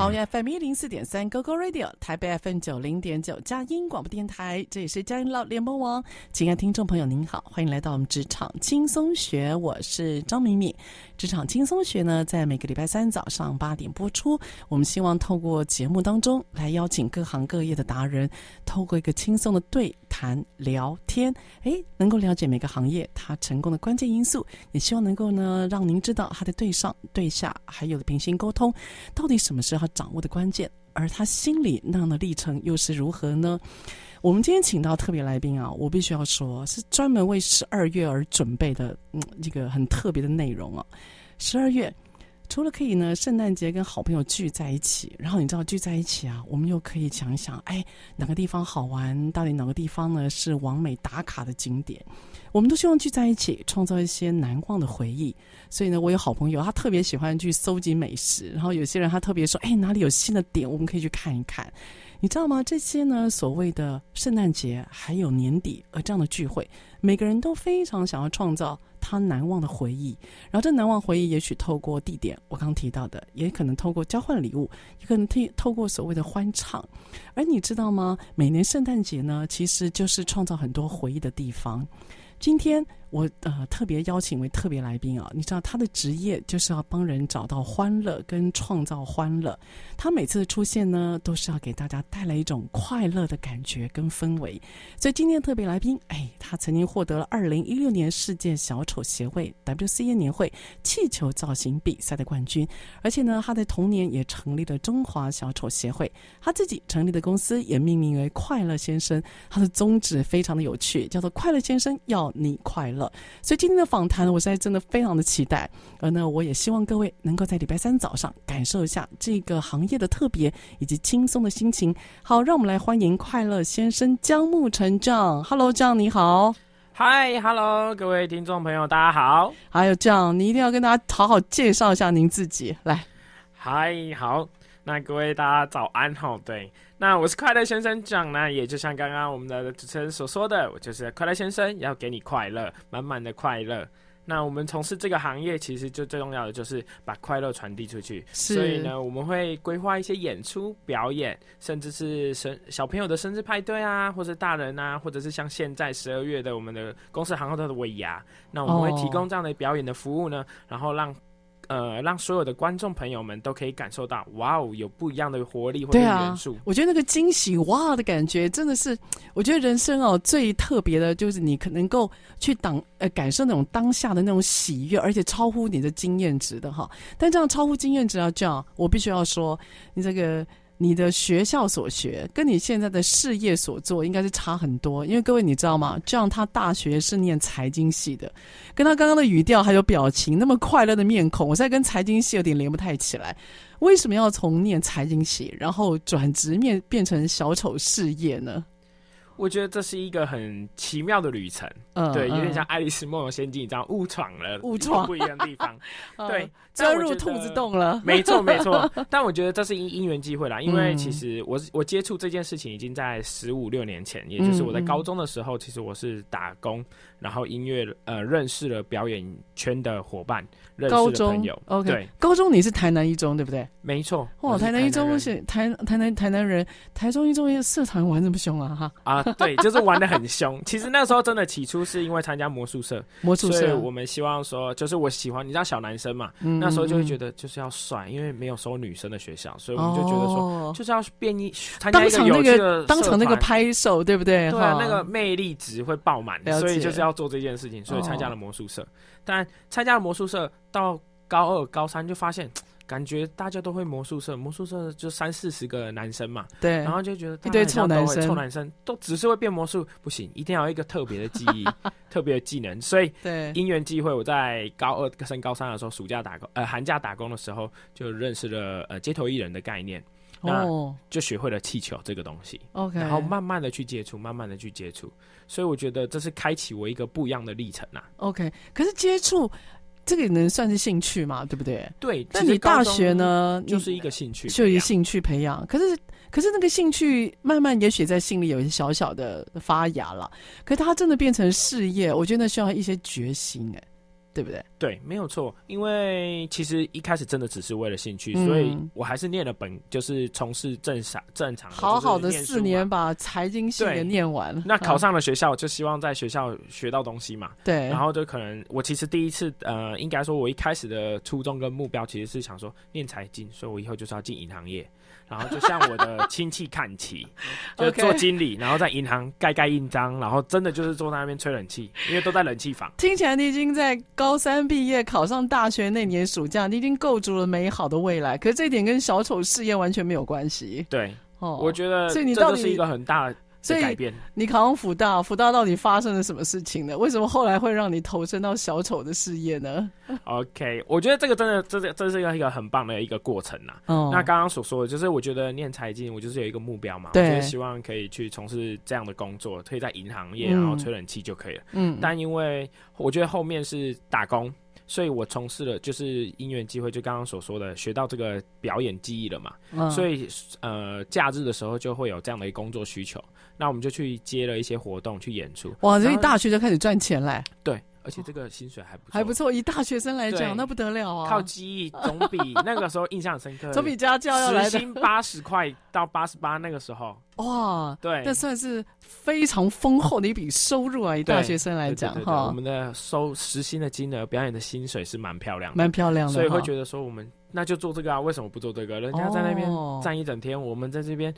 好，F M 一零四點三 GoGo Radio，台北 F M 九零點九佳音廣播電台，這也是佳音老聯播網。親愛的聽眾朋友，您好，歡迎來到我們職場輕鬆學，我是張敏敏。職場輕鬆學呢，在每個禮拜三早上八點播出。我們希望透過節目當中來邀請各行各業的達人，透過一個輕鬆的對。談聊天，哎，能夠了解每個行業它成功的關鍵因素，也希望能夠呢讓您知道他的對上對下還有的平行溝通，到底什麼是他掌握的關鍵，而他心裡那樣的歷程又是如何呢？我們今天請到特別來賓啊，我必須要說是專門為十二月而準備的，嗯，這個很特別的內容啊，十二月。除了可以呢，聖誕節跟好朋友聚在一起，然後你知道聚在一起啊，我們又可以想一想，哎，哪個地方好玩？到底哪個地方呢是網美打卡的景點？我們都希望聚在一起，創造一些難忘的回憶。所以呢，我有好朋友，他特別喜歡去蒐集美食，然後有些人他特別說，哎，哪裡有新的點，我們可以去看一看。你知道嗎？這些呢，所謂的聖誕節還有年底，而這樣的聚會，每個人都非常想要創造他難忘的回憶。然後，這難忘回憶也許透過地點，我剛提到的，也可能透過交換禮物，也可能透過所謂的歡唱。而你知道嗎？每年聖誕節呢，其實就是創造很多回憶的地方。今天。我呃特別邀請一位特別來賓啊，你知道他的職業就是要幫人找到歡樂跟創造歡樂。他每次出現呢，都是要給大家帶來一種快樂的感覺跟氛圍。所以今天特別來賓，哎，他曾經獲得了二零一六年世界小丑協會 WCA 年會氣球造型比賽的冠軍，而且呢，他在同年也成立了中華小丑協會。他自己成立的公司也命名為“快樂先生”，他的宗旨非常的有趣，叫做“快樂先生要你快樂”。所以今天的訪談，我現在真的非常的期待。而呢，我也希望各位能夠在禮拜三早上感受一下這個行業的特別以及輕鬆的心情。好，讓我們來歡迎快樂先生姜牧呈 John。Hello，John 你好。Hi，Hello，各位聽眾朋友，大家好。還有 John，你一定要跟大家好好介紹一下您自己。來，Hi，好。那各位大家早安好，對。那我是快樂先生，講呢，也就像剛剛我們的主持人所說的，我就是快樂先生，要給你快樂，滿滿的快樂。那我們從事這個行業，其實就最重要的就是把快樂傳遞出去。是所以呢，我們會規劃一些演出、表演，甚至是生小朋友的生日派對啊，或者大人啊，或者是像現在十二月的我們的公司行號的尾牙。那我們會提供這樣的表演的服務呢，哦、然後讓。呃，讓所有的觀眾朋友們都可以感受到，哇哦，有不一樣的活力或者元素。對啊，我覺得那個驚喜哇的感覺，真的是，我覺得人生哦，最特別的，就是你可能夠去當呃感受那種當下的那種喜悅，而且超乎你的經驗值的哈。但這樣超乎經驗值啊，這樣，我必須要說你這個。你的學校所學跟你現在的事業所做應該是差很多，因為各位你知道嗎？這樣他大學是念財經系的，跟他剛剛的語調還有表情那麼快樂的面孔，我現在跟財經系有點連不太起來。為什麼要從念財經系，然後轉職面變成小丑事業呢？我覺得這是一個很奇妙的旅程，對，有點像《愛麗絲夢遊仙境》一樣，誤闖了誤闖不一樣的地方，對，鑽入兔子洞了，沒錯沒錯。但我覺得這是因因緣際會啦，因為其實我我接觸這件事情已經在十五六年前，也就是我在高中的時候，其實我是打工，然後音樂呃認識了表演圈的夥伴，認識了朋友。OK，高中你是台南一中對不對？沒錯。哦，台南一中是台台南台南人，台中一中一個社團玩這麼兇啊哈啊。 對，就是玩的很凶。其實那時候真的起初是因為參加魔術社，魔術社，我們希望說，就是我喜歡，你知道小男生嘛，嗯、那時候就會覺得就是要帥，因為沒有收女生的學校，所以我們就覺得說，哦、就是要變一，當場那個當場那個拍手，對不對？對、啊，哦、那個魅力值會爆滿，了解、所以就是要做這件事情，所以參加了魔術社。哦、但參加了魔術社，到高二、高三就發現。感覺大家都會魔術社，魔術社就三四十個男生嘛，對，然後就覺得一堆臭男生，臭男生都只是會變魔術，不行，一定要有一個特別的記憶， 特別的技能。所以，因緣際會，我在高二升高三的時候，暑假打工，呃，寒假打工的時候，就認識了呃街頭藝人的概念，Oh. 那就學會了氣球這個東西。Okay. 然後慢慢的去接觸，慢慢的去接觸，所以我覺得這是開啟我一個不一樣的歷程吶、啊。OK，可是接觸。這個也能算是興趣嘛？對不對？對。那你大學呢？是就是一個興趣，就一個興趣培養。可是，可是那個興趣慢慢也許也在心裡有一些小小的發芽了。可是他真的變成事業，我覺得那需要一些決心哎、欸。對不對？對，沒有錯。因為其實一開始真的只是為了興趣，嗯、所以我還是念了本，就是從事正常、正常的好好的四年，把財經系給念完了。那考上了學校，嗯、就希望在學校學到東西嘛。對，然後就可能我其實第一次，呃，應該說，我一開始的初衷跟目標其實是想說念財經，所以我以後就是要進銀行業。然後就向我的親戚看齊， 就做經理，然後在銀行蓋蓋印章，然後真的就是坐在那邊吹冷氣，因為都在冷氣房。 聽起來你已經在高三畢業、考上大學那年暑假，你已經構築了美好的未來。可是這一點跟小丑事業完全沒有關係。對，哦，我覺得這真的是一個很大。改變。你考上福大，福大到底發生了什麼事情呢？為什麼後來會讓你投身到小丑的事業呢？OK，我覺得這個真的，這這這是一個一個很棒的一個過程啊。哦。那剛剛所說的，就是我覺得念財經，我就是有一個目標嘛，對我就是希望可以去從事這樣的工作，可以在銀行業，然後吹冷氣就可以了。嗯。但因為我覺得後面是打工。所以我從事了，就是音樂機會，就剛剛所說的，學到這個表演技藝了嘛、嗯。所以，呃，假日的時候就會有這樣的一個工作需求，那我們就去接了一些活動去演出。哇，這一大學就開始賺錢嘞、欸！對。而且這個薪水還不錯，還不錯。以大學生來講，對那不得了哦、啊。靠記憶總比那個時候印象深刻， 總比家教要來得。時薪八十塊到八十八，那個時候哇，對，這算是非常豐厚的一筆收入啊！ 以大學生來講，對，對，對，對，哦、我們的收實薪的金額、表演的薪水是蠻漂亮的。蠻漂亮的。亮的哦、所以會覺得說，我們那就做這個啊？為什麼不做這個？人家在那邊站一整天，哦、我們在這邊。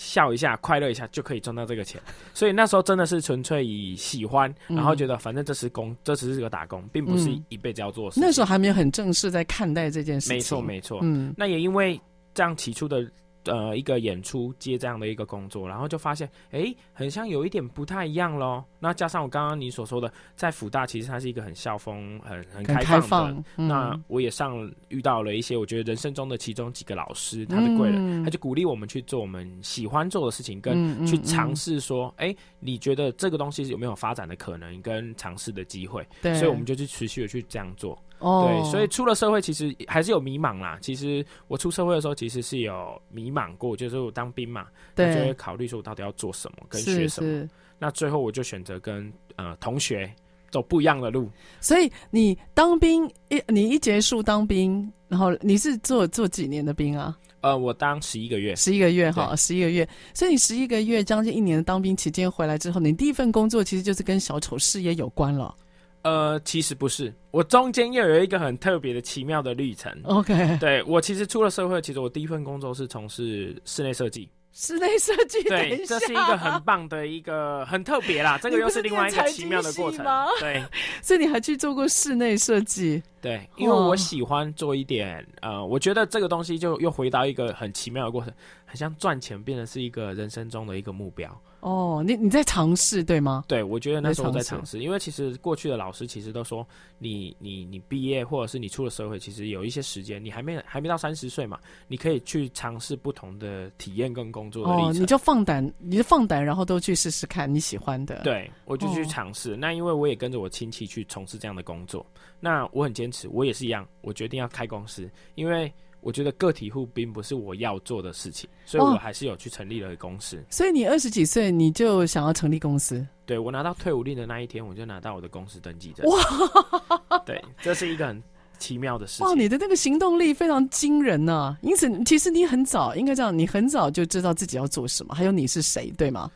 笑一下，快樂一下就可以賺到這個錢，所以那時候真的是純粹以喜歡， 然後覺得反正這是工，這只是個打工，並不是一輩子要做事，嗯，那時候還沒有很正式在看待這件事情，沒錯沒錯。嗯，那也因為這樣起初的。呃，一個演出接這樣的一個工作，然後就發現，哎、欸，很像有一點不太一樣咯。那加上我剛剛你所說的，在福大其實他是一個很校風很很開放的，很開放。很開放。那我也上遇到了一些，我覺得人生中的其中幾個老師，他的貴人，嗯、他就鼓勵我們去做我們喜歡做的事情，跟去嘗試說，哎、欸，你覺得這個東西有沒有發展的可能，跟嘗試的機會？對。所以我們就去持續的去這樣做。哦。對，所以出了社會其實還是有迷茫啦。其實我出社會的時候其實是有迷茫過，就是我當兵嘛，對，就會考慮說我到底要做什麼跟學什麼。是是。那最後我就選擇跟呃同學走不一樣的路。所以你當兵一你一結束當兵，然後你是做做幾年的兵啊？呃，我當十一個月，十一個月哈，十一對個月。所以你十一個月將近一年的當兵期間回來之後，你第一份工作其實就是跟小丑事業有關了。呃，其實不是，我中間又有一個很特別的、奇妙的歷程。OK，對，我其實出了社會，其實我第一份工作是從事室內設計。室內設計，對，這是一個很棒的一個很特別啦，這個又是另外一個奇妙的過程。對， 所以你還去做過室內設計？對，因為我喜歡做一點，oh. 呃，我覺得這個東西就又回到一個很奇妙的過程，好像賺錢變成是一個人生中的一個目標。哦，你你在嘗試對嗎？對，我覺得那時候我在嘗試，因為其實過去的老師其實都說你，你你你畢業或者是你出了社會，其實有一些時間，你還沒還沒到三十歲嘛，你可以去嘗試不同的體驗跟工作的。哦，你就放膽，你就放膽，然後都去試試看你喜歡的。對，我就去嘗試。哦，那因為我也跟着我親戚去從事這樣的工作，那我很堅持，我也是一樣，我決定要開公司，因為。我覺得個體戶並不是我要做的事情，所以我還是有去成立了公司。Oh, 所以你二十幾歲你就想要成立公司？對，我拿到退伍令的那一天，我就拿到我的公司登記證。哇，Wow. 對，這是一個很奇妙的事情。哇，wow, 你的那個行動力非常驚人吶、啊！因此，其實你很早應該這樣，你很早就知道自己要做什麼，還有你是誰，對嗎？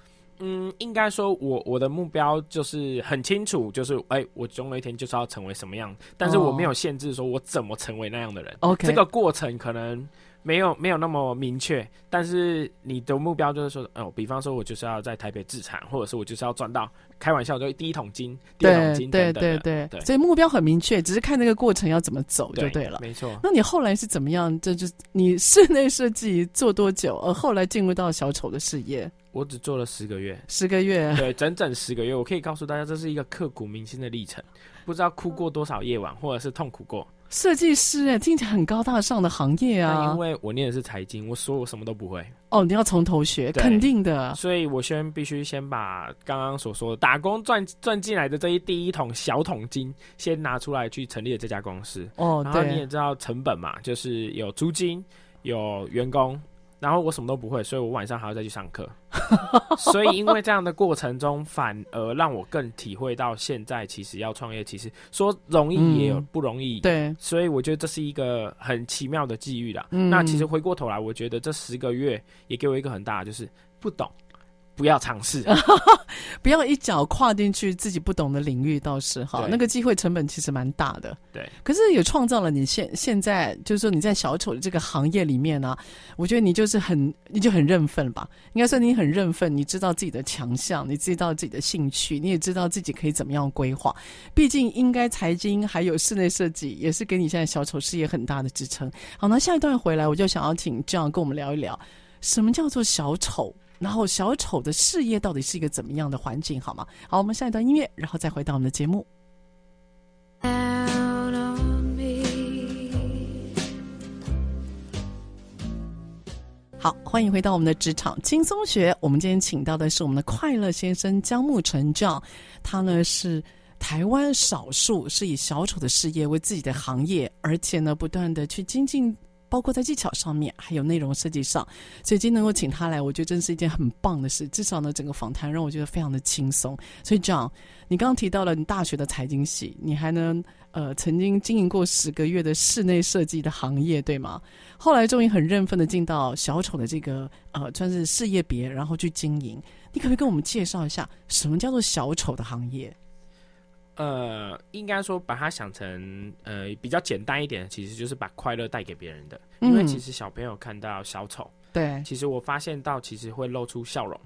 嗯，應該說我，我我的目標就是很清楚，就是哎、欸，我總有一天就是要成為什麼樣，但是我沒有限制說我怎麼成為那樣的人。Oh. Okay. 這個過程可能。沒有沒有那麼明確，但是你的目標就是說，哦、呃，比方說我就是要在台北置產，或者說我就是要賺到，開玩笑就第一桶金，對第一桶金等等對，對對對，對，所以目標很明確，只是看那個過程要怎麼走就對了。對沒錯。那你後來是怎麼樣？這就，就你室內設計做多久，而、呃、後來進入到小丑的事業？我只做了十個月。十個月？對，整整十個月。我可以告訴大家，這是一個刻骨銘心的歷程，不知道哭過多少夜晚，或者是痛苦過。設計師哎、欸，聽起來很高大上的行業啊！因為我念的是財經，我說我什麼都不會。哦，你要從頭學，對肯定的。所以，我先必須先把剛剛所說的打工賺賺進來的這一第一桶小桶金，先拿出來去成立了這家公司。哦，對啊、然後你也知道成本嘛，就是有租金，有員工。然後我什麼都不會，所以我晚上還要再去上課， 所以因為這樣的過程中，反而讓我更體會到現在其實要創業，其實說容易也有不容易，嗯、對，所以我覺得這是一個很奇妙的際遇啦。嗯、那其實回過頭來，我覺得這十個月也給我一個很大的，就是不懂。不要嘗試， 不要一腳跨進去自己不懂的領域，倒是好，對那個機會成本其實蠻大的。對，可是也創造了你現現在就是說你在小丑這個行業裡面呢、啊，我覺得你就是很你就很認份吧，應該說你很認份，你知道自己的強項，你知道自己的興趣，你也知道自己可以怎麼樣規劃。畢竟應該財經還有室內設計也是給你現在小丑事業很大的支撐。好，那下一段回來，我就想要請 John 跟我們聊一聊，什麼叫做小丑。然後小丑的事業到底是一個怎麼樣的環境？好嗎？好，我們下一段音樂，然後再回到我們的節目。好，歡迎回到我們的職場輕鬆學。我們今天請到的是我們的快樂先生姜牧呈教，他呢是台灣少數是以小丑的事業為自己的行業，而且呢不斷的去精進。包括在技巧上面，還有內容設計上，所以今天能夠請他來，我覺得真是一件很棒的事。至少呢，整個訪談讓我覺得非常的輕鬆。所以，John，你剛剛提到了你大學的財經系，你還能呃曾經經營過十個月的室內設計的行業，對嗎？後來終於很認份的進到小丑的這個呃算是事業別，然後去經營。你可不可以跟我們介紹一下，什麼叫做小丑的行業？呃，應該說把它想成呃比較簡單一點的，其實就是把快樂帶給別人的。嗯、因為其實小朋友看到小丑，對，其實我發現到其實會露出笑容。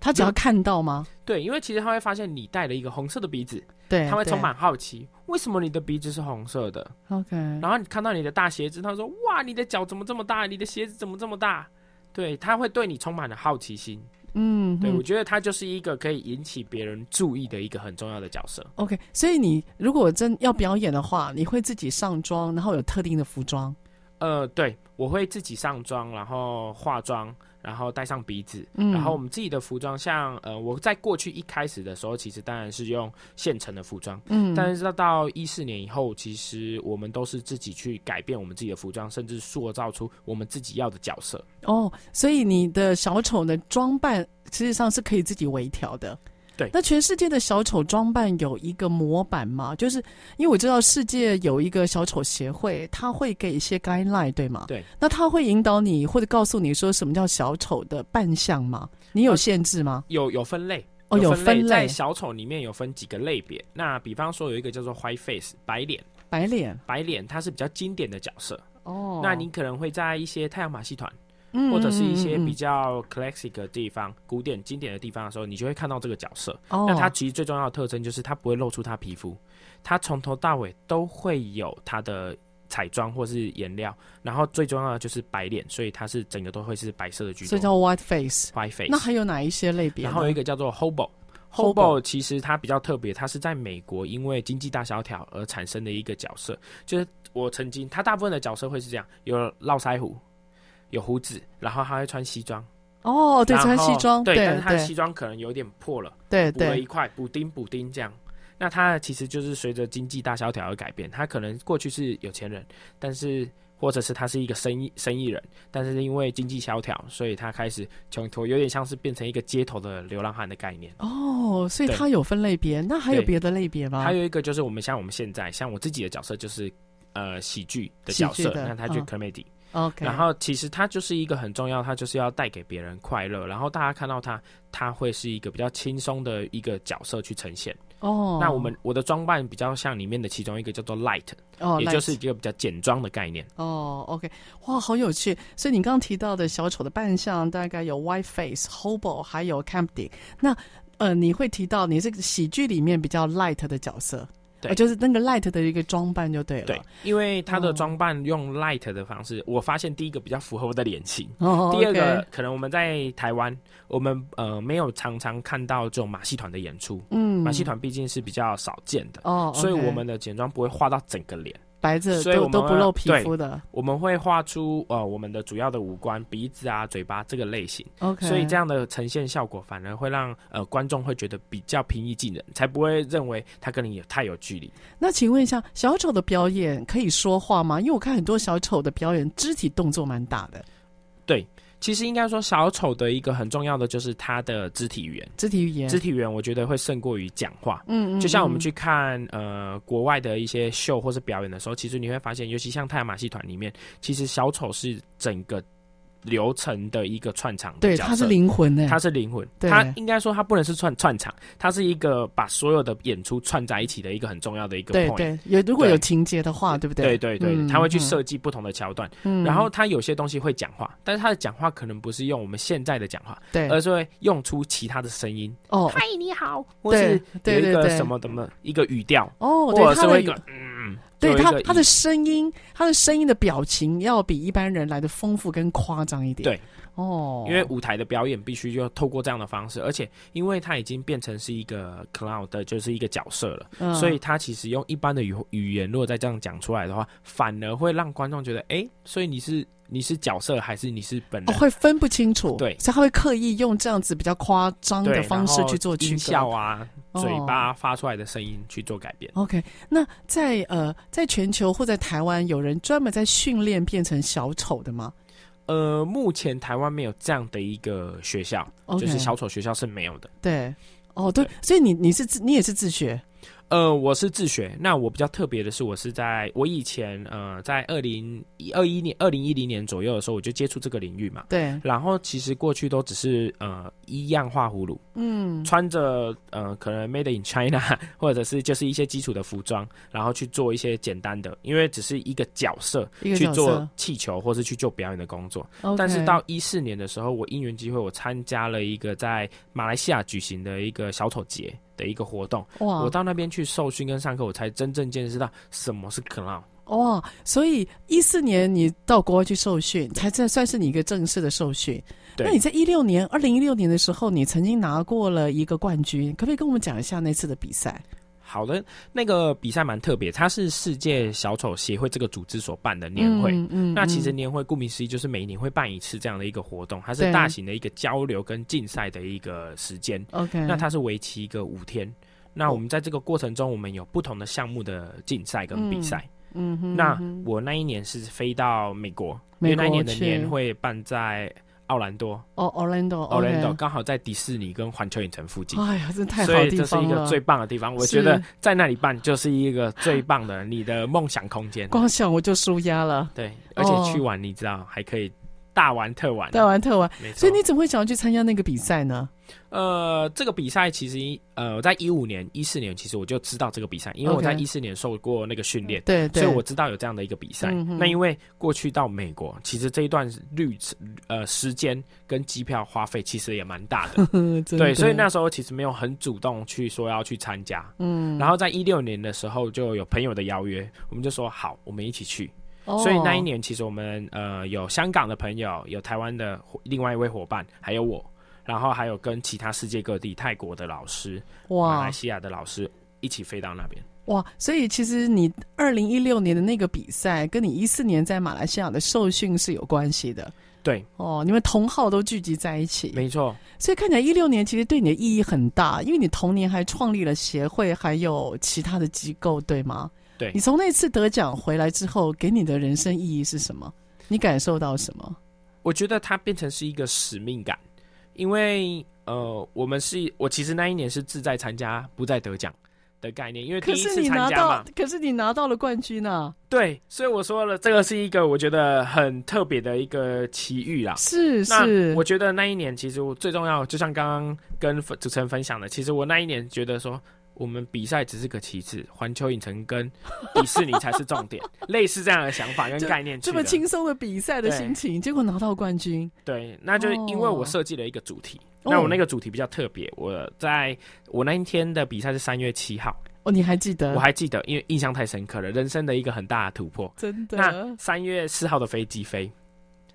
他只要看到嗎？對，因為其實他會發現你戴了一個紅色的鼻子，對，他會充滿好奇，對為什麼你的鼻子是紅色的？OK，然後你看到你的大鞋子，他說哇，你的腳怎麼這麼大？你的鞋子怎麼這麼大？對，他會對你充滿了好奇心。嗯， 對，我覺得他就是一個可以引起別人注意的一個很重要的角色。OK，所以你如果真要表演的話，你會自己上妝，然後有特定的服裝？呃，對，我會自己上妝，然後化妝。然後戴上鼻子，嗯、然後我們自己的服裝像，像呃，我在過去一開始的時候，其實當然是用現成的服裝，嗯，但是到到一四年以後，其實我們都是自己去改變我們自己的服裝，甚至塑造出我們自己要的角色。哦，所以你的小丑的裝扮事實上是可以自己微調的？對，那全世界的小丑裝扮有一個模板嗎？就是因為我知道世界有一個小丑協會，他會給一些 guideline，對嗎？對，那他會引導你或者告訴你說什麼叫小丑的扮相嗎？你有限制嗎？啊、有有分類，有分類哦，有分類，在小丑裡面有分幾個類別。那比方說有一個叫做 white face 白臉，白臉白臉，它是比較經典的角色哦。那你可能會在一些太陽馬戲團。或者是一些比較 classic 的地方，嗯嗯嗯嗯，古典經典的地方的時候，你就會看到這個角色。哦、那它其實最重要的特徵就是它不會露出它皮膚，它從頭到尾都會有它的彩妝或是顏料，然後最重要的就是白臉，所以它是整個都會是白色的角色，所以叫 white face。white face。那還有哪一些類別？然後有一個叫做 Hobo，Hobo 其實它比較特別，它是在美國因為經濟大蕭條而產生的一個角色。就是我曾經，它大部分的角色會是這樣，有絡腮鬍。有鬍子，然後他會穿西裝。哦，oh, 對，後穿西裝，對，對，但是他的西裝可能有點破了，對，對，補了一塊補丁，補丁這樣。那他其實就是隨着經濟大蕭條而改變。他可能過去是有錢人，但是或者是他是一個生意生意人，但是因為經濟蕭條，所以他開始窮途，有點像是變成一個街頭的流浪漢的概念。哦，oh, 所以他有分類別，對那還有別的類別嗎？還有一個就是我們像我們現在，像我自己的角色就是呃喜劇的角色，那他就 comedy、嗯。Okay. 然後其實他就是一個很重要，他就是要帶給別人快樂。然後大家看到他，他會是一個比較輕鬆的一個角色去呈現。哦，oh. 那我們我的裝扮比較像裡面的其中一個叫做 Light，oh, light. 也就是一個比較簡裝的概念。哦、oh，OK，哇，好有趣！所以你剛剛提到的小丑的扮相，大概有 White Face、Hobo 還有 Camping。那呃，你會提到你這個喜劇裡面比較 Light 的角色？對哦、就是那個 light 的一個裝扮就對了。對，因為他的裝扮用 light 的方式，哦、我發現第一個比較符合我的臉型。哦，第二個、哦 okay、可能我們在台灣，我們呃沒有常常看到這種馬戲團的演出。嗯，馬戲團畢竟是比較少見的哦，okay、所以我們的簡妝不會畫到整個臉。白著都，所以我們都不露皮膚的，我們會畫出呃我們的主要的五官，鼻子啊、嘴巴這個類型。OK，所以這樣的呈現效果反而會讓呃觀眾會覺得比較平易近人，才不會認為他跟你有太有距離。那請問一下，小丑的表演可以說話嗎？因為我看很多小丑的表演，肢體動作蠻大的。對。其實應該說，小丑的一個很重要的就是他的肢體語言，肢體語言，肢體語言，我覺得會勝過於講話。嗯嗯，嗯嗯，就像我們去看呃國外的一些秀或是表演的時候，其實你會發現，尤其像太陽馬戲團裡面，其實小丑是整個。流程的一個串場，對，他是靈魂呢，他是靈魂，他應該說，他不能是串串場，他是一個把所有的演出串在一起的一個很重要的一個 point。對，有如果有情節的話，對不對？對對對，他會去設計不同的橋段，然後他有些東西會講話，但是他的講話可能不是用我們現在的講話，對，而是會用出其他的聲音。哦，嗨，你好，我是有一個什麼什麼一個語調，哦，或者是會一個嗯。對他，他的聲音，他的聲音的表情，要比一般人來的豐富跟誇張一點。對。哦，因為舞台的表演必須就要透過這樣的方式，而且因為它已經變成是一個 clown，就是一個角色了，嗯、所以它其實用一般的語語言，如果再這樣講出來的話，反而會讓觀眾覺得，哎、欸，所以你是你是角色還是你是本人、哦、會分不清楚，對，所以他會刻意用這樣子比較誇張的方式去做區隔，音效啊，哦、嘴巴發出來的聲音去做改變。OK，那在呃，在全球或在台灣，有人專門在訓練變成小丑的嗎？呃，目前台灣沒有這樣的一個學校，Okay. 就是小丑學校是沒有的。對，哦，對，對，所以你你是自，你也是自學。呃，我是自學。那我比較特別的是，我是在我以前呃，在二零一二一年二零一零年左右的時候，我就接觸這個領域嘛。對。然後其實過去都只是呃一樣畫葫蘆，嗯，穿着呃可能 Made in China，或者是就是一些基礎的服裝，然後去做一些簡單的，因為只是一個角色,一個角色去做氣球，或是去做表演的工作。Okay 但是到一四年的時候，我因緣際會，我參加了一個在馬來西亞舉行的一個小丑節。的一個活動，哇我到那邊去受訓跟上課，我才真正見識到什麼是 clown。哇！所以一四年你到國外去受訓，對才算是你一個正式的受訓。對那你在一六年，二零一六年的時候，你曾經拿過了一個冠軍，可不可以跟我們講一下那次的比賽？好的，那個比賽蠻特別，它是世界小丑協會這個組織所辦的年會。嗯，嗯，嗯，那其實年會顧名思義就是每一年會辦一次這樣的一個活動，它是大型的一個交流跟競賽的一個時間。OK，對那它是為期一個五天。Okay 那我們在這個過程中，我們有不同的項目的競賽跟比賽。嗯，那我那一年是飛到美國，美國因為那一年的年會辦在。奧蘭多，哦奧蘭多，奧蘭多，剛好在迪士尼跟環球影城附近。哎呀，真太好的地方了！所以這是一個最棒的地方，是我覺得在那裡辦就是一個最棒的你的夢想空間。光想我就舒壓了。對，而且去玩你知道、oh. 還可以大玩特玩、啊，大玩特玩。錯所以你怎麼會想要去參加那個比賽呢？呃，這個比賽其實，呃，我在一五年、一四年其實我就知道這個比賽，因為我在一四年受過那個訓練，對，Okay. 所以我知道有這樣的一個比賽。對對。那因為過去到美國，其實這一段綠呃時間跟機票花費其實也蠻大的， 真的。對，所以那時候其實沒有很主動去說要去參加，嗯。然後在一六年的時候就有朋友的邀約，我們就說好，我們一起去。Oh. 所以那一年其實我們呃有香港的朋友，有台灣的另外一位夥伴，還有我。然後還有跟其他世界各地泰國的老師、哇，馬來西亞的老師一起飛到那邊。哇！所以其實你二零一六年的那個比賽，跟你一四年在馬來西亞的受訓是有關係的。對，哦，你們同好都聚集在一起。沒錯。所以看起來一六年其實對你的意義很大，因為你同年還創立了協會，還有其他的機構，對嗎？對。你從那次得獎回來之後，給你的人生意義是什麼？你感受到什麼？我覺得它變成是一個使命感。因為呃，我們是我其實那一年是志在參加，不在得獎的概念，因為第一次參加嘛。可是你拿到，可是你拿到了冠軍呢、啊？對，所以我說了，這個是一個我覺得很特別的一個奇遇啦。是是，是我覺得那一年其實我最重要，就像剛剛跟主持人分享的，其實我那一年覺得說。我們比賽只是個旗幟，環球影城跟迪士尼才是重點。 類似這樣的想法跟概念，這麼輕鬆的比賽的心情，對結果拿到冠軍。對，那就是因為我設計了一個主題。Oh. 那我那個主題比較特別，oh. 我在我那一天的比賽是三月七號。哦，oh, 你還記得？我還記得，因為印象太深刻了，人生的一個很大的突破。真的？那三月四號的飛機飛，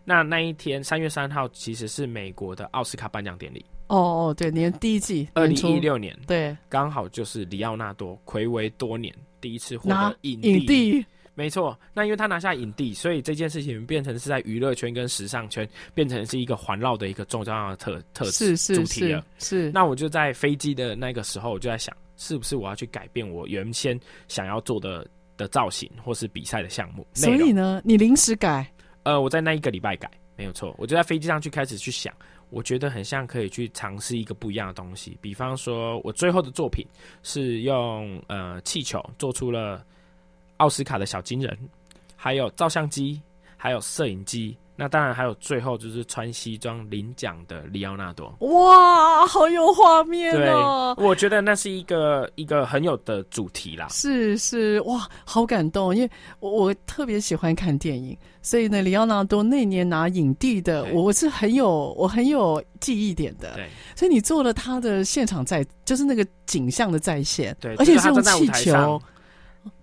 那那一天三月三號其實是美國的奧斯卡頒獎典禮。哦哦，oh, oh, 對，年第一季，二零一六年，對，剛好就是李奧納多睽違多年第一次獲得影帝，沒錯。那因為他拿下影帝，所以這件事情變成是在娛樂圈跟時尚圈變成是一個環繞的一個重要的特特色是是是是主題了。是，是。那我就在飛機的那個時候，我就在想，是不是我要去改變我原先想要做的的造型，或是比賽的項目？所以呢，容你臨時改？呃，我在那一個禮拜改，沒有錯。我就在飛機上去開始去想。我覺得很像可以去嘗試一個不一樣的東西，比方說，我最後的作品是用呃氣球做出了奧斯卡的小金人，還有照相機，還有攝影機。那當然，還有最後，就是穿西裝領獎的李奧納多。哇，好有畫面哦、喔！對，我覺得那是一個一個很有的主題啦。是是，哇，好感動，因為我我特別喜歡看電影，所以呢，李奧納多那年拿影帝的，對我是很有我很有記憶點的。對，所以你做了他的現場在，就是那個景象的再現對，而且是用氣球是他。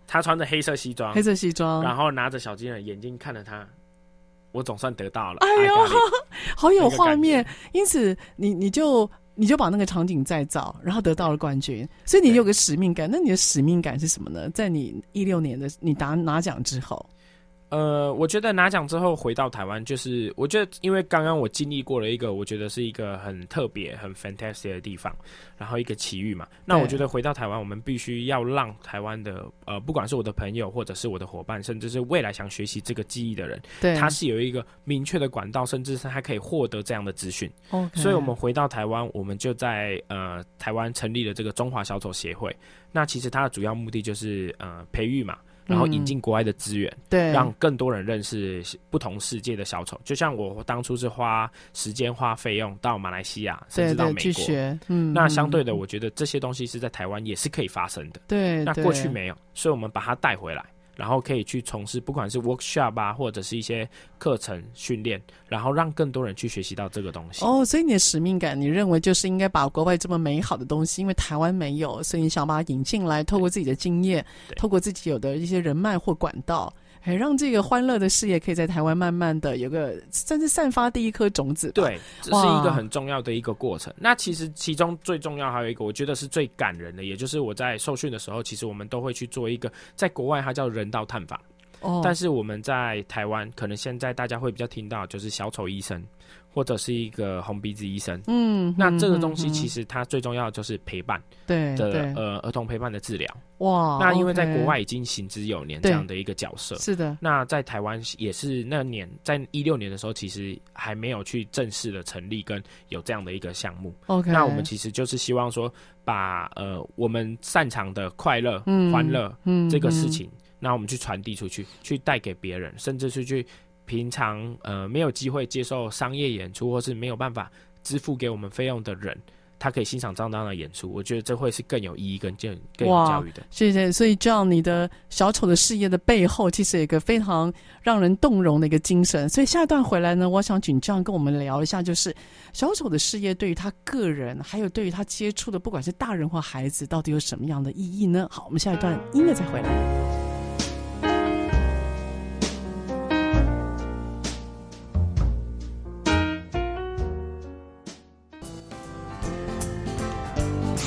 他穿着黑色西裝，黑色西裝，然後拿着小金人，眼睛看着他。我總算得到了，哎呦，got 好，好有畫面。因此你，你你就你就把那個場景再造，然後得到了冠軍。所以你有個使命感，對那你的使命感是什麼呢？在你一六年的你拿拿獎之後。呃，我覺得拿獎之後回到台灣，就是我覺得因為剛剛我經歷過了一個，我覺得是一個很特別、很 fantastic 的地方，然後一個奇遇嘛。那我覺得回到台灣，我們必須要讓台灣的呃，不管是我的朋友或者是我的夥伴，甚至是未來想學習這個技藝的人，對，他是有一個明確的管道，甚至是他可以獲得這樣的資訊。哦，Okay。所以我們回到台灣，我們就在呃台灣成立了這個中華小丑協會。那其實它的主要目的就是呃培育嘛。然後引進國外的資源，嗯、對，讓更多人認識不同世界的小丑。就像我當初是花時間花費用到馬來西亞，對對，甚至到美國，嗯，那相對的，我覺得這些東西是在台灣也是可以發生的。對，那過去沒有，對。所以我們把它帶回來。然後可以去從事，不管是 workshop 啊，或者是一些課程訓練，然後讓更多人去學習到這個東西。哦，oh, 所以你的使命感，你認為就是應該把國外這麼美好的東西，因為台灣沒有，所以你想把它引進來，對透過自己的經驗，對透過自己有的一些人脈或管道，讓這個歡樂的事業可以在台灣慢慢的有個，甚至散發第一顆種子。對，這是一個很重要的一個過程。哇那其實其中最重要還有一個，我覺得是最感人的，也就是我在受訓的時候，其實我們都會去做一個，在國外它叫人道探訪，哦、但是我們在台灣，可能現在大家會比較聽到就是小丑醫生。或者是一個紅鼻子醫生，嗯哼哼哼，那這個東西其實它最重要就是陪伴。對，對的，呃，兒童陪伴的治療，哇，那因為在國外已經行之有年這樣的一個角色，是的，那在台灣也是那年，在一六年的時候，其實還沒有去正式的成立跟有這樣的一個項目，OK，那我們其實就是希望說把，把呃我們擅長的快樂、嗯、歡樂這個事情，那、嗯、我們去傳遞出去，去帶給別人，甚至是去。平常呃沒有機會接受商業演出，或是沒有辦法支付給我們費用的人，他可以欣賞張張的演出。我覺得這會是更有意義跟正更，更有教育的。謝謝。所以這樣，你的小丑的事業的背後，其實有一個非常讓人動容的一個精神。所以下一段回來呢，我想請這樣跟我們聊一下，就是小丑的事業對於他個人，還有對於他接觸的，不管是大人或孩子，到底有什麼樣的意義呢？好，我們下一段音樂再回來。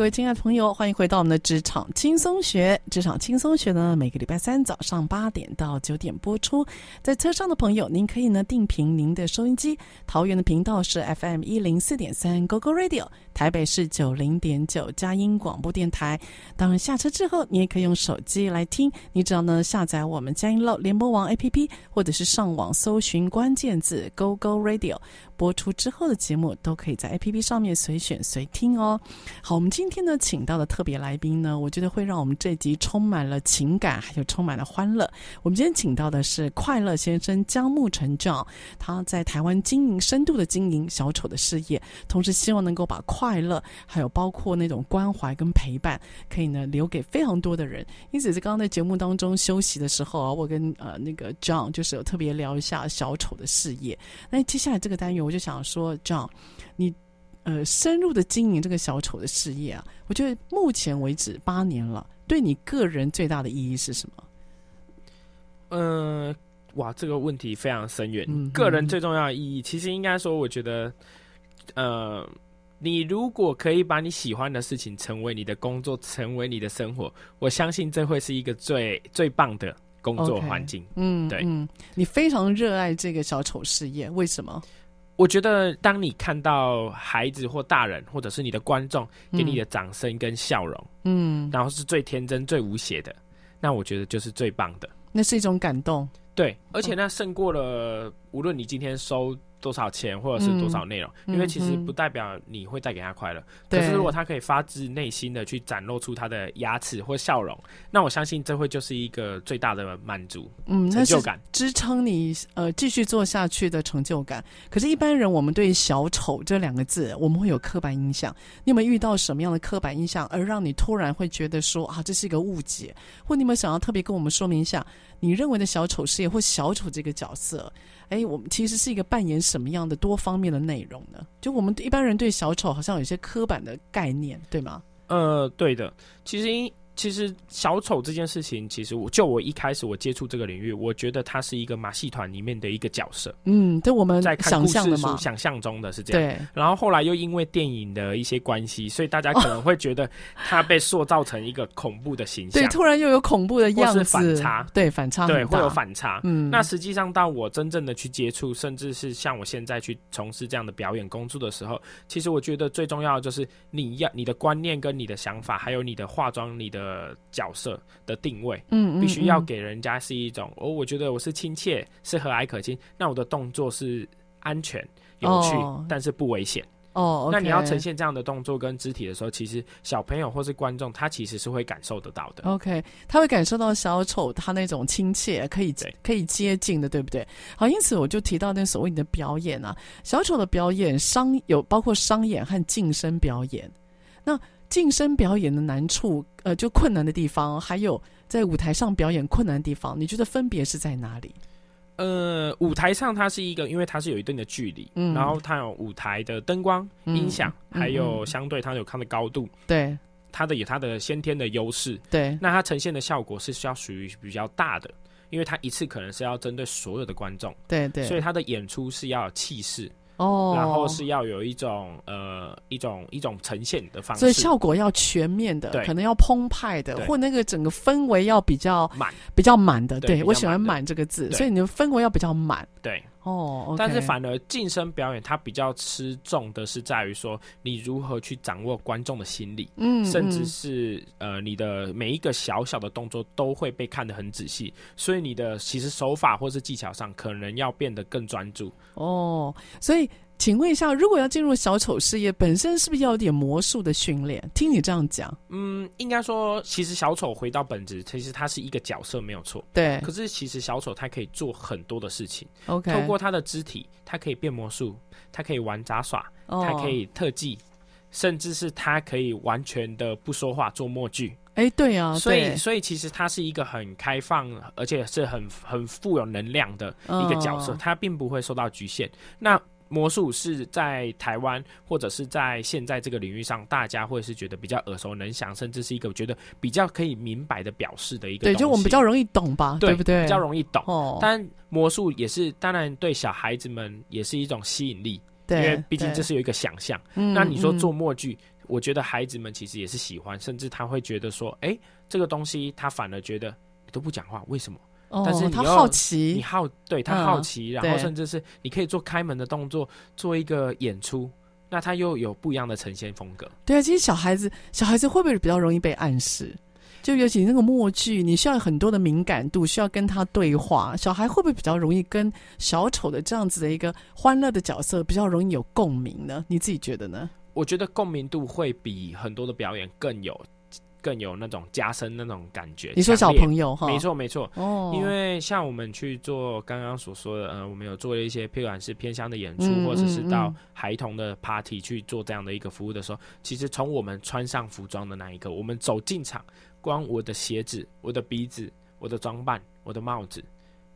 各位親愛的朋友，歡迎回到我們的職場輕鬆學。職場輕鬆學呢，每個禮拜三早上八點到九點播出。在車上的朋友，您可以呢定頻您的收音機，桃園的頻道是 FM 一零四點三，Go Go Radio。台北市九零點九佳音廣播電台。當然，下車之後，你也可以用手機來聽。你只要呢下載我們佳音樂聯播網 A P P，或者是上網搜尋關鍵字 “Go Go Radio”。播出之後的節目都可以在 A P P 上面隨選隨聽哦。好，我們今天呢請到的特別來賓呢，我覺得會讓我們這集充滿了情感，還有充滿了歡樂。我們今天請到的是快樂先生姜牧呈教他在台灣經營深度的經營小丑的事業，同時希望能夠把。快樂，還有包括那種關懷跟陪伴，可以呢留給非常多的人。因此是剛剛在節目當中休息的時候啊，我跟呃那個 John 就是有特別聊一下小丑的事業。那接下來這個單元，我就想說，John，你呃深入的經營這個小丑的事業啊，我覺得目前為止八年了，對你個人最大的意義是什麼？嗯、呃，哇，這個問題非常深遠。嗯、哼個人最重要的意義，其實應該說，我覺得，呃。你如果可以把你喜歡的事情成為你的工作，成為你的生活，我相信這會是一個最最棒的工作環境。Okay, 嗯，對。嗯，你非常熱愛這個小丑事業，為什麼？我覺得，當你看到孩子或大人，或者是你的觀眾給你的掌聲跟笑容，嗯，然後是最天真、最無邪的，那我覺得就是最棒的。那是一種感動，對。而且，那勝過了、哦、無論你今天收。多少錢，或者是多少內容？嗯、因為其實不代表你會帶給他快樂。嗯、哼可是如果他可以發自內心的去展露出他的牙齒或笑容，那我相信這會就是一個最大的滿足。嗯，成就感，那是支撐你呃繼續做下去的成就感。可是，一般人我們對“小丑”這兩個字，我們會有刻板印象。你有沒有遇到什麼樣的刻板印象，而讓你突然會覺得說啊，這是一個誤解？或你們想要特別跟我們說明一下？你認為的小丑事業或小丑這個角色，哎、欸，我們其實是一個扮演什麼樣的多方面的內容呢？就我們一般人對小丑好像有些刻板的概念，對嗎？呃，對的，其實因。其實小丑這件事情，其實就我一開始我接觸這個領域，我覺得他是一個馬戲團裡面的一個角色。嗯，對，我們在看故事想象的嘛、想象中的是這樣。對。然後後來又因為電影的一些關係，所以大家可能會覺得他被塑造成一個恐怖的形象。哦、對，突然又有恐怖的樣子，或是反差，對，反差，對，會有反差。嗯。那實際上，到我真正的去接觸，甚至是像我現在去從事這樣的表演工作的時候，其實我覺得最重要的就是你要你的觀念跟你的想法，還有你的化妝，你的。呃，角色的定位，嗯，嗯，嗯，必須要給人家是一種，嗯嗯哦，我覺得我是親切，是和藹可親。那我的動作是安全、哦、有趣，但是不危險。哦，那你要呈現這樣的動作跟肢體的時候，哦 okay、其實小朋友或是觀眾，他其實是會感受得到的。OK，他會感受到小丑他那種親切，可以對可以接近的，對不對？好，因此我就提到那所謂的表演啊，小丑的表演商，商有包括商演和近身表演，那，近身表演的難處，呃，就困難的地方，還有在舞台上表演困難的地方，你覺得分別是在哪裡？呃，舞台上它是一個，因為它是有一定的距離，嗯，然後它有舞台的燈光、音響，嗯嗯、還有相對它有看的高度，對，它的有它的先天的優勢，對，那它呈現的效果是需要屬於比較大的，因為它一次可能是要針對所有的觀眾，對，對對，所以它的演出是要有氣勢。哦，oh. 然後是要有一種呃一種一種呈現的方式，所以效果要全面的，對可能要澎湃的，對或那個整個氛圍要比較滿，滿比較滿的。對，對的，我喜歡“滿”這個字，對所以你的氛圍要比較滿。對。但是反而近身表演，它比較吃重的是在於說，你如何去掌握觀眾的心理，嗯，甚至是呃你的每一個小小的動作都會被看得很仔細，所以你的其實手法或是技巧上可能要變得更專注。哦，所以。請問一下，如果要進入小丑事業，本身是不是要有點魔術的訓練？聽你這樣講，嗯，應該說，其實小丑回到本質，其實他是一個角色，沒有錯。對。可是，其實小丑他可以做很多的事情。OK。透過他的肢體，他可以變魔術，他可以玩雜耍，哦、他可以特技，甚至是他可以完全的不說話做默劇。哎、欸，對啊。所以，對所以其實他是一個很開放，而且是很很富有能量的一個角色，哦、他並不會受到局限。那。嗯魔術是在台灣，或者是在現在這個領域上，大家會是覺得比較耳熟能詳，甚至是一個我覺得比較可以明白的表示的一個。對，就我們比較容易懂吧，對，對不對？比較容易懂。Oh. 但魔術也是，當然對小孩子們也是一種吸引力，對因為畢竟這是有一個想象。對那你說做默劇，對我覺得孩子們其實也是喜歡，嗯、甚至他會覺得說：“哎、欸，這個東西他反而覺得、欸、都不講話，為什麼？”但是、哦、他好奇，你好，對他好奇，嗯、然後甚至是你可以做開門的動作，做一個演出，對那他又有不一樣的呈現風格。對啊，其實小孩子，小孩子會不會比較容易被暗示？就尤其那個默劇，你需要很多的敏感度，需要跟他對話。小孩會不會比較容易跟小丑的這樣子的一個歡樂的角色比較容易有共鳴呢？你自己覺得呢？我覺得共鳴度會比很多的表演更有。更有那種加深那種感覺。你說小朋友，沒錯沒錯。哦，沒錯，因為像我們去做剛剛所說的，呃，我們有做一些譬如是偏鄉的演出，嗯、或者是到孩童的 party 去做這樣的一個服務的時候，嗯嗯、其實從我們穿上服裝的那一刻，我們走進場，光我的鞋子、我的鼻子、我的裝扮、我的帽子，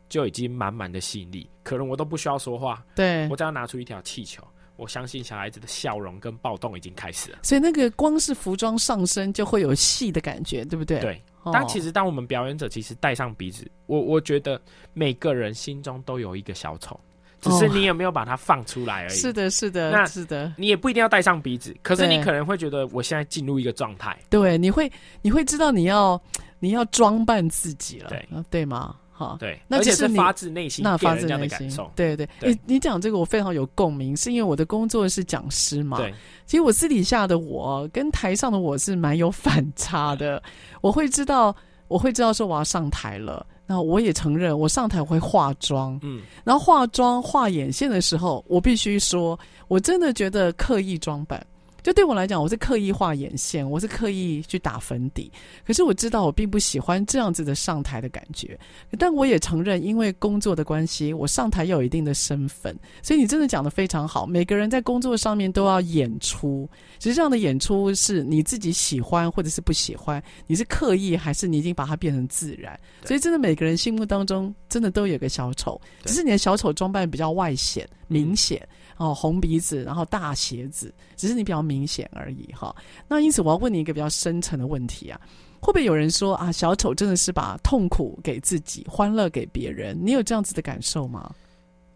就已經滿滿的吸引力，可能我都不需要說話，對，我只要拿出一條氣球。我相信小孩子的笑容跟暴動已經開始了，所以那個光是服裝上身就會有戲的感覺，對不對？對。但其實當我們表演者其實戴上鼻子，我我覺得每個人心中都有一個小丑，只是你有沒有把它放出來而已。哦。是的，是的，那是的。你也不一定要戴上鼻子，可是你可能會覺得我現在進入一個狀態。對，你會，你會知道你要，你要裝扮自己了，對，對嗎？好，對，那你而且是發自內心，那發自內心對，對對，對欸、你你講這個我非常有共鳴，是因為我的工作是講師嘛，對，其實我私底下的我跟台上的我是蠻有反差的，對我會知道我會知道說我要上台了，然後我也承認我上台我會化妝，嗯，然後化妝畫眼線的時候，我必須說，我真的覺得刻意裝扮。就對我來講，我是刻意畫眼線，我是刻意去打粉底。可是我知道，我並不喜歡這樣子的上台的感覺。但我也承認，因為工作的關係，我上台有一定的身份。所以你真的講的非常好，每個人在工作上面都要演出。其實這樣的演出是你自己喜歡，或者是不喜歡，你是刻意，還是你已經把它變成自然？對所以真的，每個人心目當中真的都有個小丑，只是你的小丑裝扮比較外顯、對明顯。嗯哦，紅鼻子，然後大鞋子，只是你比較明顯而已哈，哦。那因此我要問你一個比較深層的問題啊，會不會有人說啊，小丑真的是把痛苦給自己，歡樂給別人？你有這樣子的感受嗎？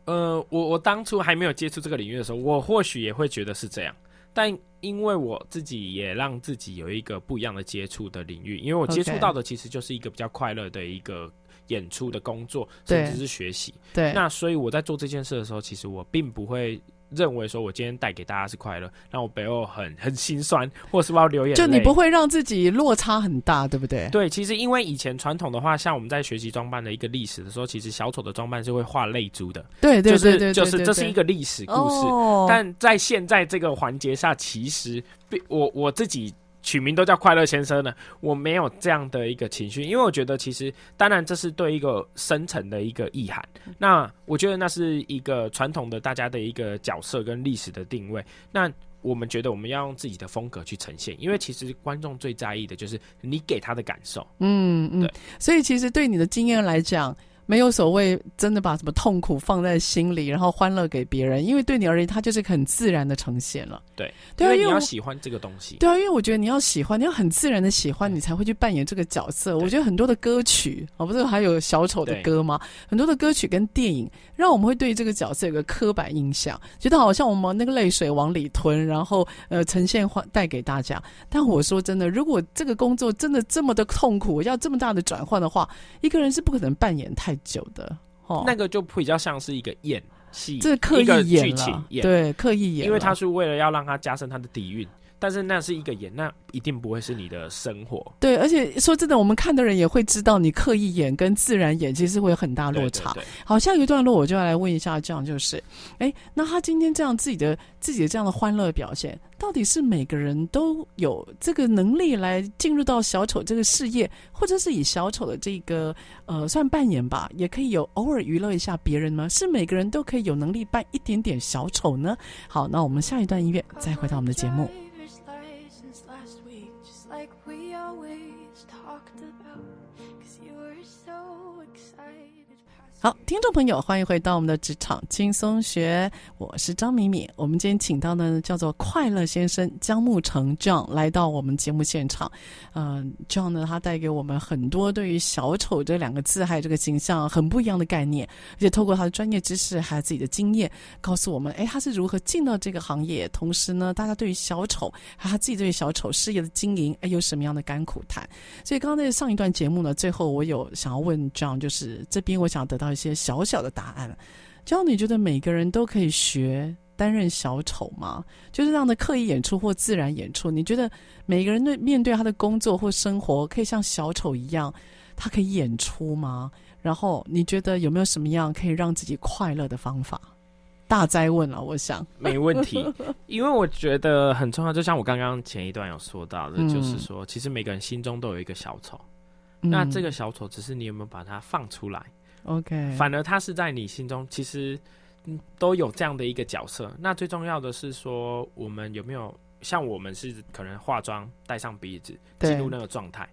呃，我我當初還沒有接觸這個領域的時候，我或許也會覺得是這樣，但因為我自己也讓自己有一個不一樣的接觸的領域，因為我接觸到的其實就是一個比較快樂的一個。演出的工作，甚至是學習。對，那所以我在做這件事的時候，其實我並不會認為說，我今天帶給大家是快樂，讓我背後很很心酸，或是我要流眼淚。就你不會讓自己落差很大，對不對？對，其實因為以前傳統的話，像我們在學習裝扮的一個歷史的時候，其實小丑的裝扮是會畫淚珠的。對，對，對，對，對，對，對，對，對，對，就是這是一個歷史故事。對、對、對、對、對，但在現在這個環節下，其實對，我，我自己，對，對，取名都叫快樂先生呢，我沒有這樣的一個情緒，因為我覺得其實當然這是對一個深層的一個意涵。那我覺得那是一個傳統的大家的一個角色跟歷史的定位。那我們覺得我們要用自己的風格去呈現，因為其實觀眾最在意的就是你給他的感受。嗯嗯，嗯對，所以其實對你的經驗來講。沒有所謂真的把什麼痛苦放在心裡，然後歡樂給別人，因為對你而言，它就是很自然的呈現了。對，對啊，因為你要喜歡這個東西。對啊，因為我覺得你要喜歡，你要很自然的喜歡，嗯、你才會去扮演這個角色。對我覺得很多的歌曲，啊，不是還有小丑的歌嗎？對很多的歌曲跟電影，讓我們會對這個角色有個刻板印象，覺得好像我們那個淚水往裡吞，然後呃呈現或帶給大家。但我說真的，如果這個工作真的這麼的痛苦，要這麼大的轉換的話，一個人是不可能扮演太多久的，哦，那個就比較像是一個演戲，是刻意演，一個劇情演，對，刻意演，因為他是為了要讓他加深他的底蘊。但是那是一個演，那一定不會是你的生活。對，而且說真的，我們看的人也會知道你刻意演跟自然演，其實會有很大落差。對對對，好，下一個段落，我就要來問一下，這樣就是，欸，那他今天這樣自己的自己的這樣的歡樂表現，到底是每個人都有這個能力來進入到小丑這個事業，或者是以小丑的這個呃算扮演吧，也可以有偶爾娛樂一下別人嗎？是每個人都可以有能力扮一點點小丑呢？好，那我們下一段音樂再回到我們的節目。 好，聽眾朋友，歡迎回到我們的職場輕鬆學，我是張敏敏。我們今天請到呢，叫做快樂先生姜牧呈 John 來到我們節目現場。嗯，呃，John 呢，他帶給我們很多對於小丑這兩個字還有這個形象很不一樣的概念，而且透過他的專業知識還有自己的經驗，告訴我們，哎，他是如何進到這個行業，同時呢，大家對於小丑還有他自己對於小丑事業的經營，哎，有什麼樣的甘苦談？所以剛剛在上一段節目呢，最後我有想要問 John，就是這邊我想得到。一些小小的答案，就你覺得每個人都可以學擔任小丑嗎？就是這樣的刻意演出或自然演出，你覺得每個人對面對他的工作或生活可以像小丑一樣，他可以演出嗎？然後你覺得有沒有什麼樣可以讓自己快樂的方法？大哉問啊！我想沒問題，因為我覺得很重要， 就像我剛剛前一段有說到的，就是說、嗯、其實每個人心中都有一個小丑，嗯、那這個小丑只是你有沒有把它放出來？OK，反而他是在你心中，其實，嗯，都有這樣的一個角色。那最重要的是說，我們有沒有像我們是可能化妝戴上鼻子進入那個狀態？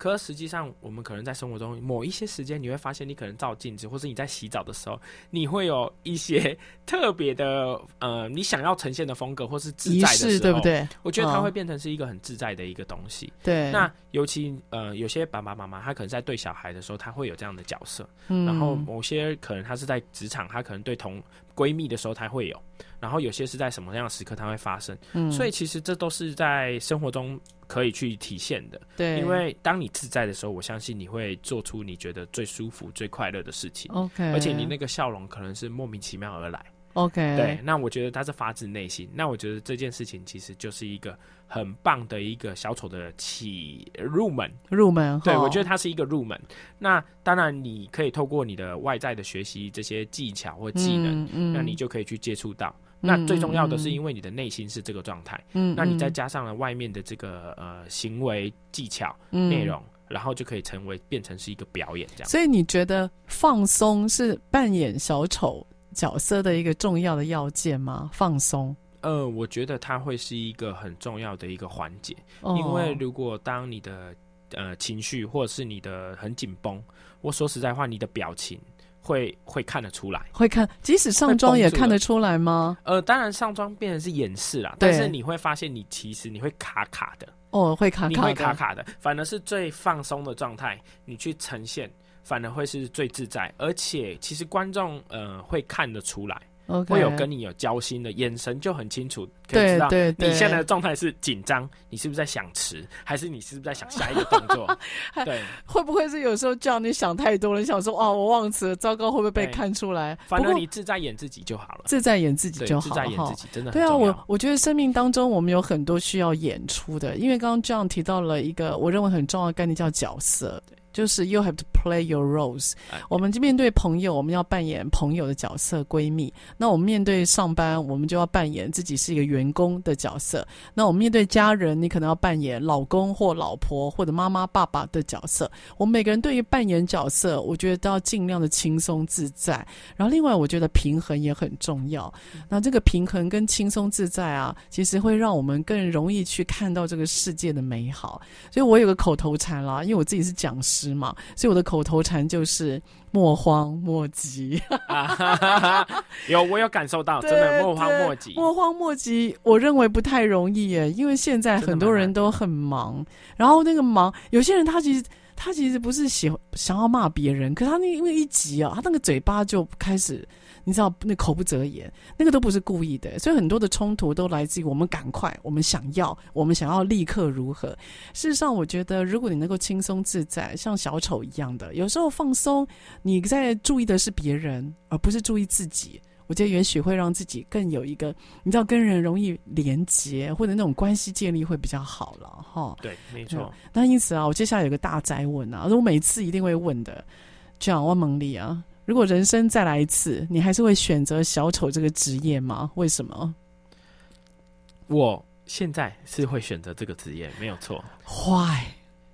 可是實際上，我們可能在生活中某一些時間，你會發現，你可能照鏡子，或是你在洗澡的時候，你會有一些特別的，呃，你想要呈現的風格，或是自在的時候，對不對？我覺得它會變成是一個很自在的一個東西。對。那尤其，呃，有些爸爸媽媽，他可能在對小孩的時候，他會有這樣的角色。嗯。然後，某些可能他是在職場，他可能對同閨蜜的時候才會有，然後有些是在什麼樣的時刻它會發生，嗯，所以其實這都是在生活中可以去體現的。對，因為當你自在的時候，我相信你會做出你覺得最舒服、最快樂的事情。OK，而且你那個笑容可能是莫名其妙而來。OK，對，那我覺得他是發自內心。那我覺得這件事情其實就是一個很棒的一個小丑的起入門入門。對、哦、我覺得它是一個入門。那當然，你可以透過你的外在的學習這些技巧或技能，嗯嗯、那你就可以去接觸到。嗯、那最重要的是，因為你的內心是這個狀態，嗯，嗯，那你再加上了外面的這個呃行為技巧、嗯、內容，然後就可以成為變成是一個表演這樣。所以你覺得放鬆是扮演小丑？角色的一個重要的要件嗎？放鬆。呃，我覺得它會是一個很重要的一個環節，哦，因為如果當你的呃情緒或者是你的很緊繃，我說實在話，你的表情會會看得出來，會看，即使上妝也看得出來嗎？呃，當然上妝變成是掩飾啦，對但是你會發現你其實你會卡卡的，哦，會卡卡的，你會卡卡的，反而是最放鬆的狀態，你去呈現。反而會是最自在，而且其實觀眾呃會看得出來，okay, 會有跟你有交心的眼神就很清楚，對對，可以知道你現在的狀態是緊張，對對對，你是不是在想詞，還是你是不是在想下一個動作？ 對，會不會是有時候叫你想太多了，你想說啊，我忘詞了，糟糕，會不會被看出來？反正你自在演自己就好了，過自在演自己就好，哈，真的對啊，我我覺得生命當中我們有很多需要演出的，因為剛剛這樣提到了一個我認為很重要的概念叫角色。就是 you have to play your roles。Okay. 我們面對朋友，我們要扮演朋友的角色；閨蜜，那我們面對上班，我們就要扮演自己是一個員工的角色。那我們面對家人，你可能要扮演老公或老婆或者媽媽、爸爸的角色。我們每個人對於扮演角色，我覺得都要盡量的輕鬆自在。然後，另外我覺得平衡也很重要。那這個平衡跟輕鬆自在啊，其實會讓我們更容易去看到這個世界的美好。所以我有個口頭禪啦，因為我自己是講師。是嗎？所以我的口頭禪就是莫慌莫急。 有我有感受到，對真的莫慌莫急。莫慌莫急，我認為不太容易耶，因為現在很多人都很忙。然後那個忙，有些人他其實他其實不是喜歡想要罵別人，可是他那因為一急啊，他那個嘴巴就開始。你知道那口不擇言，那個都不是故意的，所以很多的衝突都來自於我們趕快，我們想要，我們想要立刻如何。事實上，我覺得如果你能夠輕鬆自在，像小丑一樣的，有時候放鬆，你在注意的是別人，而不是注意自己。我覺得也許會讓自己更有一個，你知道跟人容易連結，或者那種關係建立會比較好了哈。對，沒錯。那因此啊，我接下來有個大哉問啊，我，我每次一定會問的，叫汪夢麗啊。如果人生再來一次，你還是會選擇小丑這個職業嗎？為什麼？我現在是會選擇這個職業，沒有錯。壞，Why?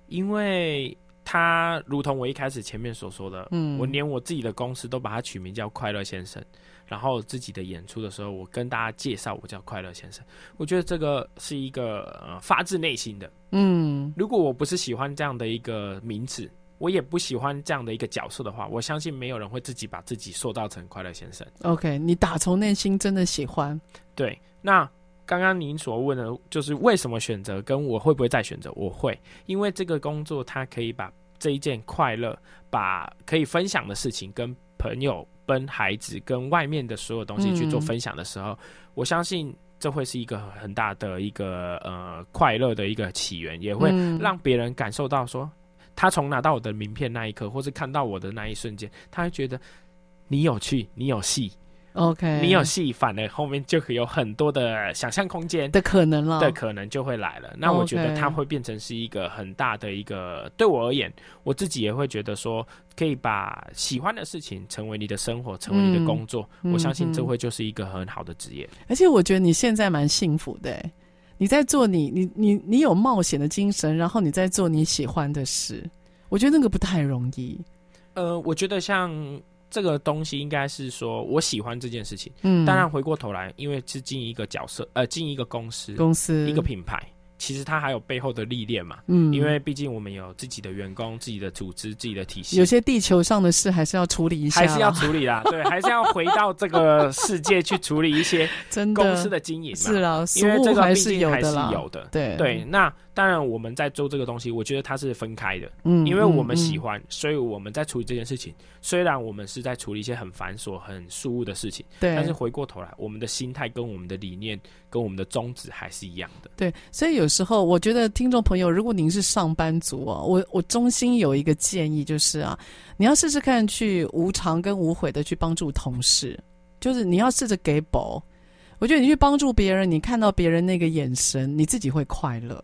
因為他如同我一開始前面所說的，嗯，我連我自己的公司都把它取名叫快樂先生，然後自己的演出的時候，我跟大家介紹我叫快樂先生。我覺得這個是一個呃發自內心的，嗯。如果我不是喜歡這樣的一個名字。我也不喜歡這樣的一個角色的話，我相信沒有人會自己把自己塑造成快樂先生。OK，你打從內心真的喜歡。對，那剛剛您所問的，就是為什麼選擇，跟我會不會再選擇？我會，因為這個工作它可以把這一件快樂，把可以分享的事情，跟朋友、跟孩子、跟外面的所有東西去做分享的時候，嗯、我相信這會是一個很大的一個呃快樂的一個起源，也會讓別人感受到說。他從拿到我的名片那一刻，或是看到我的那一瞬間，他會覺得你有趣，你有戲，OK，你有戲，反而後面就會有很多的想象空間的可能了，的可能就會來了。那我覺得他會變成是一個很大的一個，Okay. 對我而言，我自己也會覺得說，可以把喜歡的事情成為你的生活，成為你的工作，嗯嗯、我相信這會就是一個很好的職業。而且我覺得你現在蠻幸福的。你在做你你你你有冒險的精神，然後你在做你喜歡的事，我覺得那個不太容易。呃，我覺得像這個東西，應該是說我喜歡這件事情。嗯，當然回過頭來，因為是經營一個角色，呃，經營一個公司，公司一個品牌。其實他還有背後的歷練嘛，嗯，因為畢竟我們有自己的員工、自己的組織、自己的體系，有些地球上的事還是要處理一下，還是要處理啦， 對，還是要回到這個世界去處理一些公司的經營嘛，真的是啦，因為這個畢竟還是有的，對對，那。當然，我們在做這個東西，我覺得它是分開的，嗯，因為我們喜歡，嗯、所以我們在處理這件事情。嗯、雖然我們是在處理一些很繁瑣、很事務的事情，對，但是回過頭來，我們的心態、跟我們的理念、跟我們的宗旨還是一樣的。對，所以有時候我覺得聽眾朋友，如果您是上班族啊，我我衷心有一個建議，就是啊，你要試試看去無償跟無悔的去幫助同事，就是你要試着給寶。我覺得你去幫助別人，你看到別人那個眼神，你自己會快樂。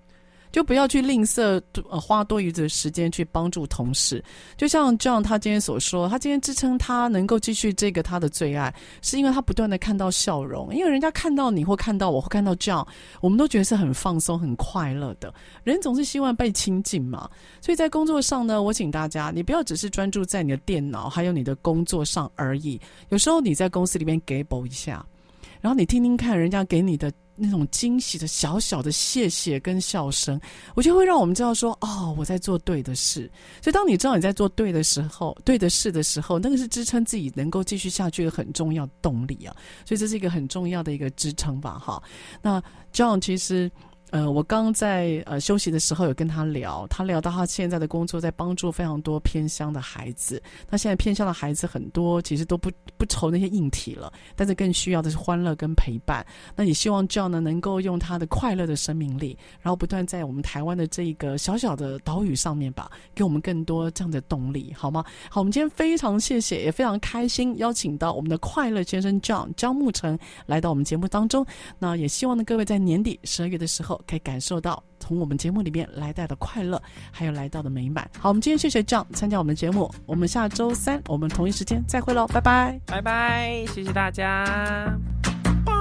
就不要去吝嗇，呃，花多餘的時間去幫助同事。就像 John，他今天所說，他今天支撐他能夠繼續這個他的最愛，是因為他不斷的看到笑容，因為人家看到你或看到我，或看到 John，我們都覺得是很放鬆、很快樂的。人總是希望被親近嘛。所以在工作上呢，我請大家，你不要只是專注在你的電腦還有你的工作上而已，有時候你在公司裡面 gable 一下，然後你聽聽看人家給你的。那種驚喜的小小的謝謝跟笑聲，我覺得會讓我們知道說，哦，我在做對的事。所以當你知道你在做對的時候，對的事的時候，那個是支撐自己能夠繼續下去的很重要動力啊。所以這是一個很重要的一個支撐吧，哈。那 John 其實。呃，我剛在呃休息的時候有跟他聊，他聊到他現在的工作在幫助非常多偏鄉的孩子。那現在偏鄉的孩子很多，其實都不不愁那些硬體了，但是更需要的是歡樂跟陪伴。那也希望 John 呢，能夠用他的快樂的生命力，然後不斷在我們台灣的這個小小的島嶼上面吧，給我們更多這樣的動力，好嗎？好，我們今天非常謝謝，也非常開心邀請到我們的快樂先生 John 張木成來到我們節目當中。那也希望呢各位在年底十二月的時候。可以感受到從我們節目裡面來到的快樂，還有來到的美滿。好，我們今天謝謝姜參加我們的節目，我們下周三，我們同一時間再會嘍，拜拜，拜拜，謝謝大家。拜拜。